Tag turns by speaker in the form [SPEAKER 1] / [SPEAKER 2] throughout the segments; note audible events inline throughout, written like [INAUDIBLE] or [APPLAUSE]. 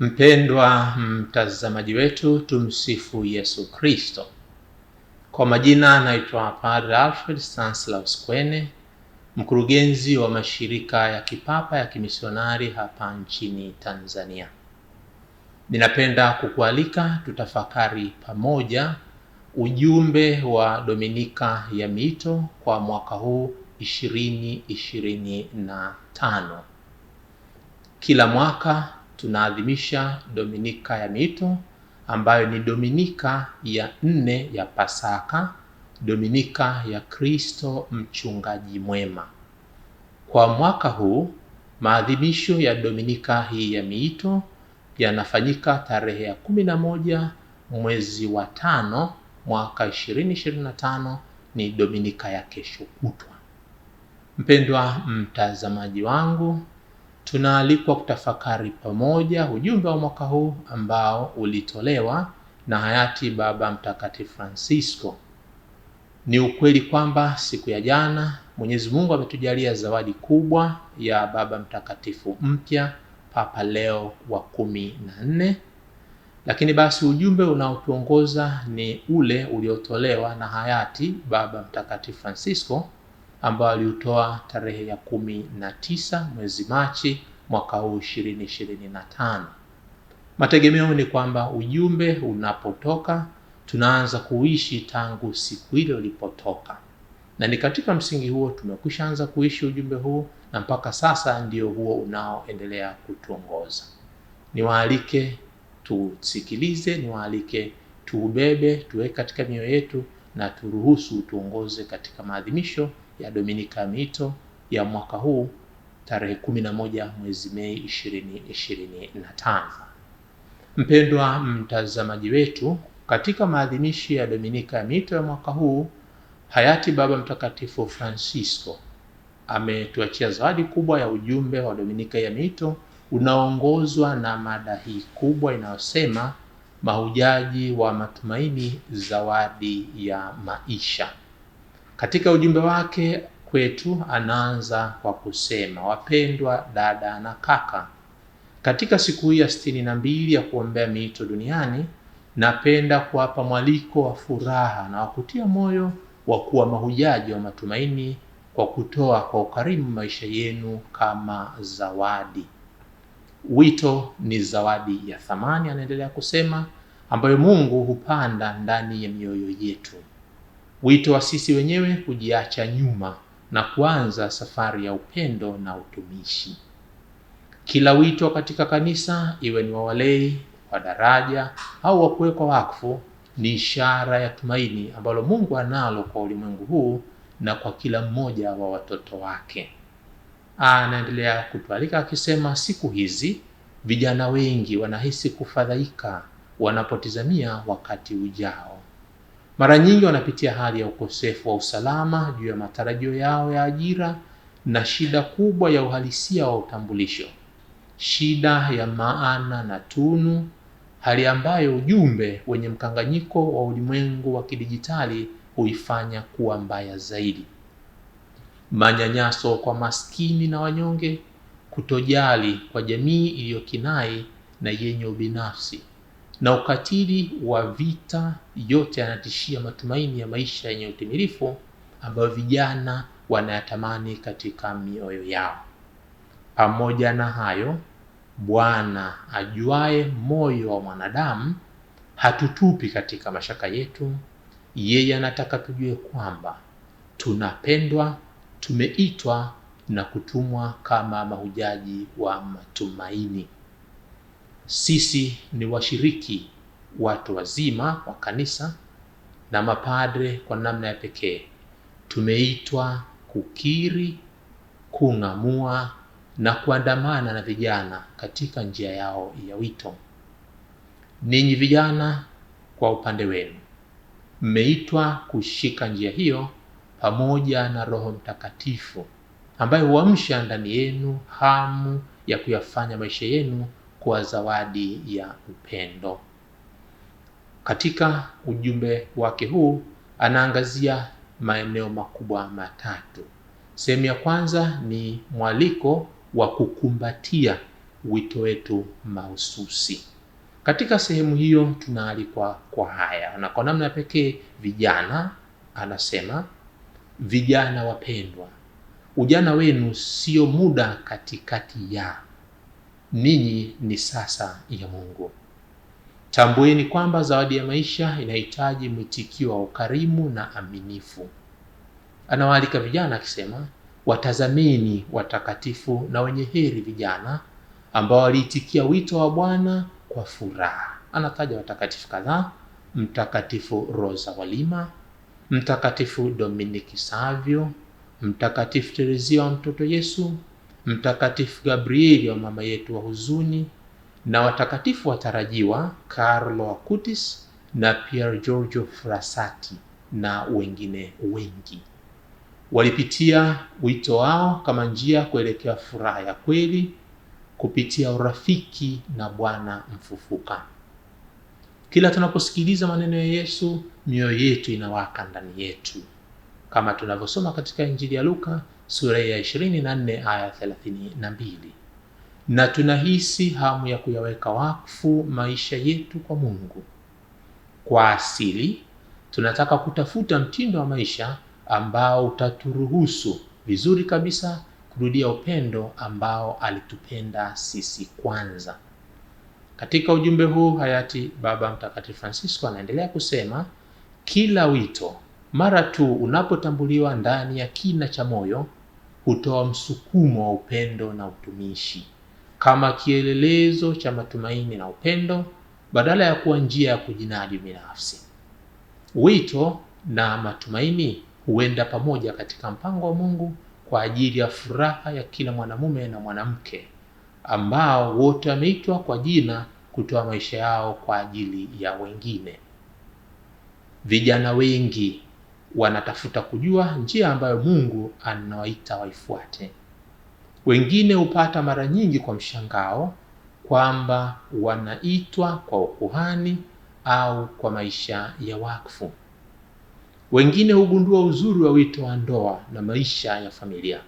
[SPEAKER 1] Mpendwa mtazamaji wetu, tumsifu Yesu Kristo. Kwa majina anaitwa Padre Alfred Stanislaus Kwene, mkurugenzi wa mashirika ya kipapa ya kimisionari hapa nchini Tanzania. Ninapenda kukualika tutafakari pamoja ujumbe wa Dominika ya Miito kwa mwaka huu 2025. Kila mwaka tunaadhimisha Dominika ya Miito ambayo ni Dominika ya nne ya Pasaka, Dominika ya Kristo mchungaji mwema. Kwa mwaka huu maadhimisho ya Dominika hii ya Miito yanafanyika tarehe ya kumi na moja mwezi wa tano mwaka 2025 ni Dominika ya kesho kutwa. Mpendwa mtazamaji wangu tunaalikwa kutafakari pamoja ujumbe wa mwaka huu ambao ulitolewa na hayati Baba Mtakatifu Francisco. Ni ukweli kwamba siku ya jana Mwenyezi Mungu ametujalia zawadi kubwa ya Baba Mtakatifu mpya Papa Leo wa kumi na nne, lakini basi ujumbe unaotuongoza ni ule uliotolewa na hayati Baba Mtakatifu Francisco ambao aliutoa tarehe ya kumi na tisa mwezi Machi mwaka huu ishirini ishirini na tano. Mategemeo ni kwamba ujumbe unapotoka tunaanza kuishi tangu siku ile ulipotoka, na ni katika msingi huo tumekwisha anza kuishi ujumbe huu na mpaka sasa ndio huo unaoendelea kutuongoza. Niwaalike tusikilize, niwaalike tuubebe, tuweke katika mioyo yetu na turuhusu tuongoze katika maadhimisho ya Dominika Mito ya mwaka huu tarehe 11 mwezi Mei 2025. Mpendwa mtazamaji wetu, katika maadhimisho ya Dominika Mito ya mwaka huu, hayati Baba Mtakatifu Francisco ametuachia zawadi kubwa ya ujumbe wa Dominika ya Mito unaoongozwa na mada hii kubwa inayosema mahujaji wa matumaini, zawadi ya maisha. Katika ujumbe wake kwetu anaanza kwa kusema, wapendwa dada na kaka, katika siku hii ya sitini na mbili ya kuombea miito duniani, napenda kuwapa mwaliko wa furaha na wakutia moyo wa kuwa mahujaji wa matumaini kwa kutoa kwa ukarimu maisha yenu kama zawadi. Wito ni zawadi ya thamani, anaendelea kusema, ambayo Mungu hupanda ndani ya mioyo yetu wito wa sisi wenyewe kujiacha nyuma na kuanza safari ya upendo na utumishi. Kila wito katika kanisa, iwe ni wa walei, wa daraja au wa kuwekwa wakfu, ni ishara ya tumaini ambalo Mungu analo kwa ulimwengu huu na kwa kila mmoja wa watoto wake. Anaendelea kutualika akisema, siku hizi vijana wengi wanahisi kufadhaika wanapotizamia wakati ujao mara nyingi wanapitia hali ya ukosefu wa usalama juu ya matarajio yao ya ajira na shida kubwa ya uhalisia wa utambulisho, shida ya maana na tunu, hali ambayo ujumbe wenye mkanganyiko wa ulimwengu wa kidijitali huifanya kuwa mbaya zaidi. Manyanyaso kwa maskini na wanyonge, kutojali kwa jamii iliyokinai na yenye ubinafsi na ukatili wa vita yote yanatishia matumaini ya maisha yenye utimilifu ambayo vijana wanayatamani katika mioyo yao. Pamoja na hayo, Bwana ajuaye moyo wa mwanadamu hatutupi katika mashaka yetu. Yeye anataka tujue kwamba tunapendwa, tumeitwa na kutumwa kama mahujaji wa matumaini sisi ni washiriki watu wazima wa kanisa na mapadre kwa namna ya pekee tumeitwa kukiri, kung'amua na kuandamana na vijana katika njia yao ya wito. Ninyi vijana, kwa upande wenu, mmeitwa kushika njia hiyo pamoja na Roho Mtakatifu ambaye huamsha ndani yenu hamu ya kuyafanya maisha yenu kwa zawadi ya upendo. Katika ujumbe wake huu anaangazia maeneo makubwa matatu. Sehemu ya kwanza ni mwaliko wa kukumbatia wito wetu mahususi. Katika sehemu hiyo tunaalikwa kwa haya, na kwa namna pekee vijana, anasema vijana wapendwa, ujana wenu sio muda katikati ya ninyi ni sasa ya Mungu. Tambueni kwamba zawadi ya maisha inahitaji mwitikio wa ukarimu na aminifu. Anawaalika vijana akisema, watazameni watakatifu na wenye heri vijana ambao waliitikia wito wa Bwana kwa furaha. Anataja watakatifu kadhaa: Mtakatifu Rosa wa Lima, Mtakatifu Dominiki Savio, Mtakatifu Teresia wa Mtoto Yesu Mtakatifu Gabrieli wa mama yetu wa huzuni na watakatifu watarajiwa Carlo Acutis na Pier Giorgio Frassati na wengine wengi walipitia wito wao kama njia kuelekea furaha ya kweli kupitia urafiki na Bwana mfufuka. Kila tunaposikiliza maneno ya Yesu, mioyo yetu inawaka ndani yetu, kama tunavyosoma katika Injili ya Luka sura ya 24 aya 32, na tunahisi hamu ya kuyaweka wakfu maisha yetu kwa Mungu. Kwa asili tunataka kutafuta mtindo wa maisha ambao utaturuhusu vizuri kabisa kurudia upendo ambao alitupenda sisi kwanza. Katika ujumbe huu hayati Baba Mtakatifu Francisco anaendelea kusema, kila wito mara tu unapotambuliwa ndani ya kina cha moyo hutoa msukumo wa upendo na utumishi kama kielelezo cha matumaini na upendo badala ya kuwa njia ya kujinadi binafsi. Wito na matumaini huenda pamoja katika mpango wa Mungu kwa ajili ya furaha ya kila mwanamume na mwanamke ambao wote wameitwa kwa jina kutoa maisha yao kwa ajili ya wengine. Vijana wengi wanatafuta kujua njia ambayo Mungu anawaita waifuate. Wengine hupata mara nyingi kwa mshangao kwamba wanaitwa kwa ukuhani au kwa maisha ya wakfu. Wengine hugundua uzuri wa wito wa ndoa na maisha ya familia.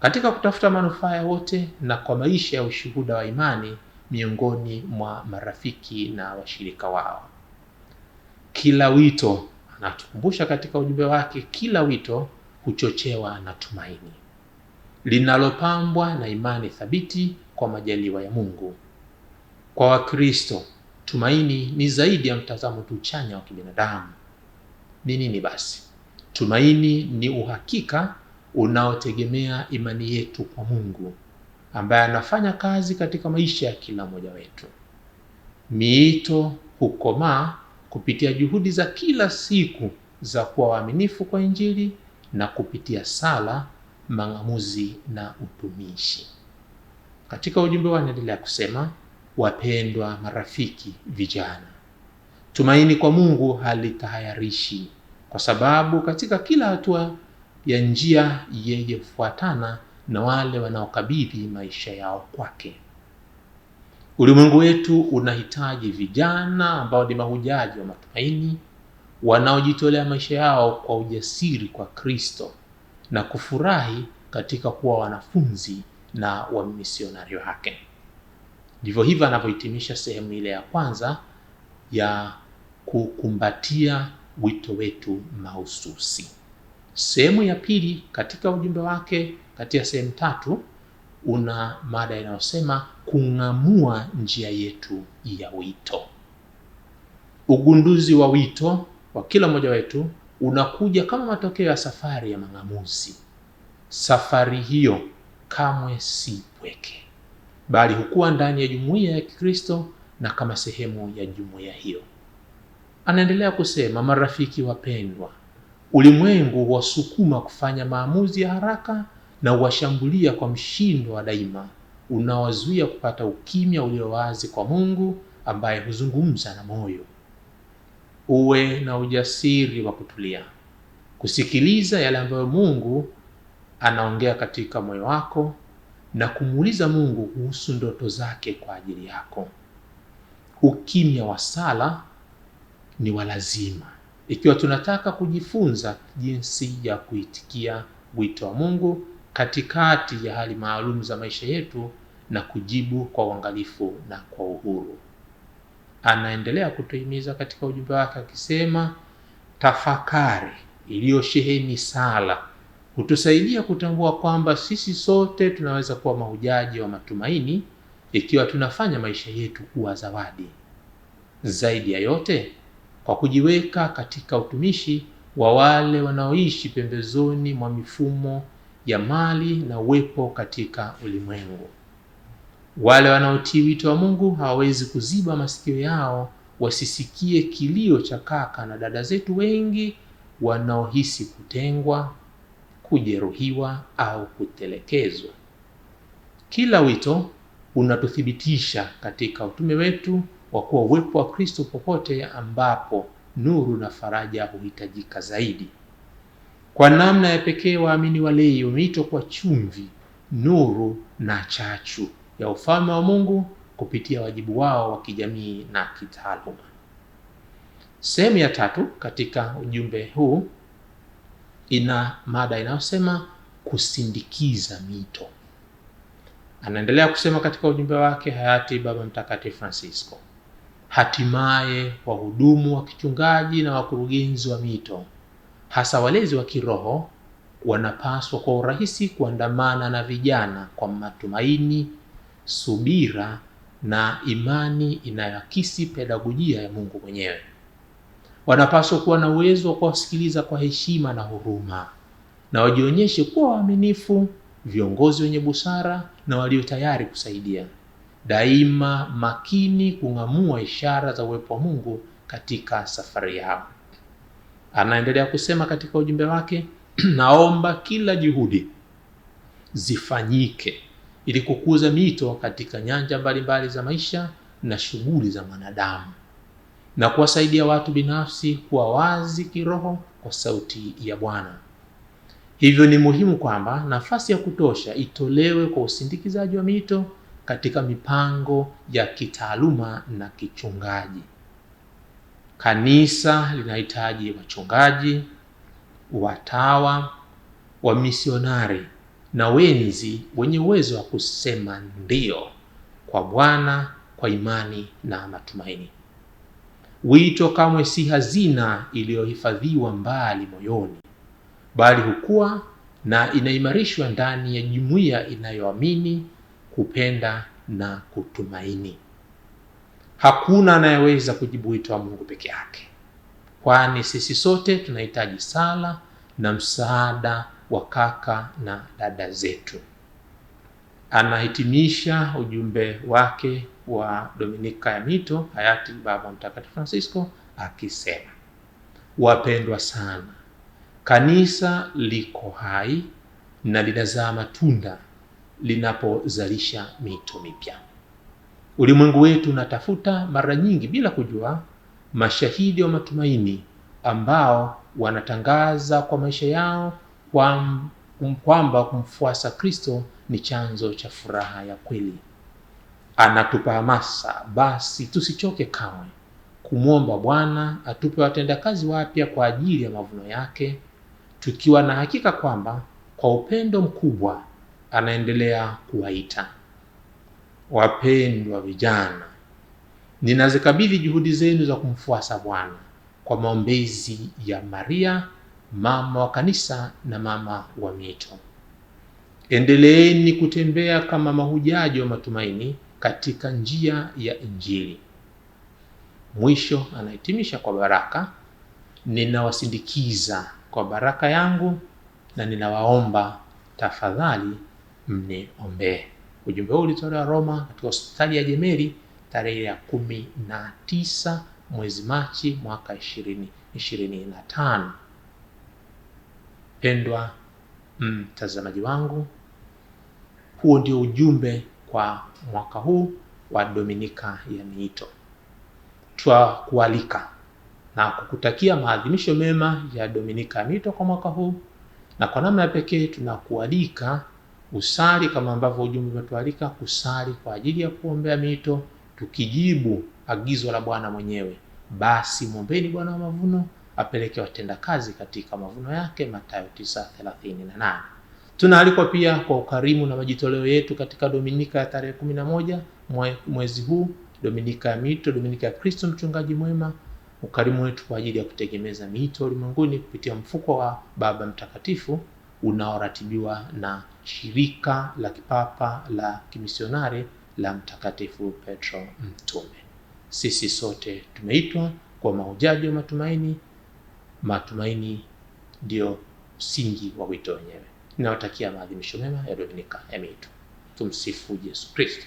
[SPEAKER 1] Katika kutafuta manufaa ya wote na kwa maisha ya ushuhuda wa imani miongoni mwa marafiki na washirika wao. Kila wito anatukumbusha katika ujumbe wake, kila wito huchochewa na tumaini linalopambwa na imani thabiti kwa majaliwa ya Mungu. Kwa Wakristo, tumaini ni zaidi ya mtazamo tu chanya wa kibinadamu. Ni nini basi? Tumaini ni uhakika unaotegemea imani yetu kwa Mungu ambaye anafanya kazi katika maisha ya kila mmoja wetu. Miito hukomaa kupitia juhudi za kila siku za kuwa waaminifu kwa Injili na kupitia sala, mang'amuzi na utumishi. Katika ujumbe wao anaendelea kusema, wapendwa marafiki vijana, tumaini kwa Mungu halitahayarishi, kwa sababu katika kila hatua ya njia yeye hufuatana na wale wanaokabidhi maisha yao kwake. Ulimwengu wetu unahitaji vijana ambao ni mahujaji wa matumaini, wanaojitolea maisha yao kwa ujasiri kwa Kristo na kufurahi katika kuwa wanafunzi na wamisionari wake. Ndivyo hivyo anavyohitimisha sehemu ile ya kwanza ya kukumbatia wito wetu mahususi. Sehemu ya pili katika ujumbe wake katika sehemu tatu una mada inayosema kung'amua njia yetu ya wito. Ugunduzi wa wito wa kila mmoja wetu unakuja kama matokeo ya safari ya mang'amuzi. Safari hiyo kamwe si pweke, bali hukuwa ndani ya jumuiya ya Kikristo na kama sehemu ya jumuiya hiyo. Anaendelea kusema, marafiki wapendwa, ulimwengu wasukuma kufanya maamuzi ya haraka na uwashambulia kwa mshindo wa daima unawazuia kupata ukimya ulio wazi kwa Mungu ambaye huzungumza na moyo. Uwe na ujasiri wa kutulia kusikiliza yale ambayo Mungu anaongea katika moyo wako na kumuuliza Mungu kuhusu ndoto zake kwa ajili yako. Ukimya wa sala ni wa lazima ikiwa tunataka kujifunza jinsi ya kuitikia wito wa Mungu katikati ya hali maalum za maisha yetu na kujibu kwa uangalifu na kwa uhuru. Anaendelea kutuhimiza katika ujumbe wake akisema, tafakari iliyosheheni sala hutusaidia kutambua kwamba sisi sote tunaweza kuwa mahujaji wa matumaini ikiwa tunafanya maisha yetu kuwa zawadi. Zaidi ya yote, kwa kujiweka katika utumishi wa wale wanaoishi pembezoni mwa mifumo ya mali na uwepo katika ulimwengu. Wale wanaotii wito wa Mungu hawawezi kuziba masikio yao wasisikie kilio cha kaka na dada zetu wengi wanaohisi kutengwa, kujeruhiwa au kutelekezwa. Kila wito unatuthibitisha katika utume wetu wa kuwa uwepo wa Kristo popote ambapo nuru na faraja huhitajika zaidi. Kwa namna ya pekee waamini walei wameitwa kwa chumvi, nuru na chachu ya ufalme wa Mungu kupitia wajibu wao wa kijamii na kitaaluma. Sehemu ya tatu katika ujumbe huu ina mada inayosema kusindikiza mito. Anaendelea kusema katika ujumbe wake hayati Baba Mtakatifu Francisco, hatimaye wahudumu wa kichungaji na wakurugenzi wa mito hasa walezi wa kiroho wanapaswa kwa urahisi kuandamana na vijana kwa matumaini, subira na imani inayoakisi pedagojia ya Mungu mwenyewe. Wanapaswa kuwa na uwezo wa kuwasikiliza kwa heshima na huruma, na wajionyeshe kuwa waaminifu, viongozi wenye busara na walio tayari kusaidia, daima makini kung'amua ishara za uwepo wa Mungu katika safari yao. Anaendelea kusema katika ujumbe wake, [CLEARS THROAT] naomba kila juhudi zifanyike ili kukuza mito katika nyanja mbalimbali za maisha na shughuli za mwanadamu na kuwasaidia watu binafsi kuwa wazi kiroho kwa sauti ya Bwana. Hivyo ni muhimu kwamba nafasi ya kutosha itolewe kwa usindikizaji wa mito katika mipango ya kitaaluma na kichungaji. Kanisa linahitaji wachungaji, watawa, wamisionari na wenzi wenye uwezo wa kusema ndio kwa Bwana kwa imani na matumaini. Wito kamwe si hazina iliyohifadhiwa mbali moyoni, bali hukua na inaimarishwa ndani ya jumuiya inayoamini, kupenda na kutumaini. Hakuna anayeweza kujibu wito wa Mungu peke yake, kwani sisi sote tunahitaji sala na msaada wa kaka na dada zetu. Anahitimisha ujumbe wake wa Dominika ya Mito hayati Baba Mtakatifu Francisco akisema, wapendwa sana, kanisa liko hai na linazaa matunda linapozalisha mito mipya. Ulimwengu wetu unatafuta mara nyingi bila kujua mashahidi wa matumaini ambao wanatangaza kwa maisha yao kwamba kumfuasa Kristo ni chanzo cha furaha ya kweli. Anatupa hamasa, basi tusichoke kamwe kumwomba Bwana atupe watendakazi wapya kwa ajili ya mavuno yake, tukiwa na hakika kwamba kwa upendo mkubwa anaendelea kuwaita. Wapendwa vijana, ninazikabidhi juhudi zenu za kumfuasa Bwana kwa maombezi ya Maria mama wa kanisa na mama wa mito. Endeleeni kutembea kama mahujaji wa matumaini katika njia ya Injili. Mwisho anahitimisha kwa baraka, ninawasindikiza kwa baraka yangu na ninawaomba tafadhali mniombee. Ujumbe huu ulitolewa Roma katika hospitali ya jemeli tarehe ya kumi na tisa mwezi Machi mwaka 2025. Pendwa mtazamaji mm, wangu, huo ndio ujumbe kwa mwaka huu wa Dominika ya Miito. Twakualika na kukutakia maadhimisho mema ya Dominika ya Miito kwa mwaka huu, na kwa namna ya pekee tunakualika usali kama ambavyo ujumbe umetualika kusali kwa ajili ya kuombea mito tukijibu agizo la Bwana mwenyewe, basi mwombeni Bwana wa mavuno apeleke watendakazi katika mavuno yake, Mathayo 9:38. Tunaalikwa pia kwa ukarimu na majitoleo yetu katika Dominika ya tarehe 11 mwezi huu, Dominika ya mito, Dominika ya Kristo mchungaji mwema, ukarimu wetu kwa ajili ya kutegemeza miito ulimwenguni kupitia mfuko wa Baba Mtakatifu unaoratibiwa na shirika la kipapa la kimisionari la Mtakatifu Petro Mtume. Sisi sote tumeitwa kwa mahujaji wa matumaini. Matumaini ndio msingi wa wito wenyewe. Ninawatakia maadhimisho mema ya Dominika ya Mitume. Tumsifu Yesu Kristo.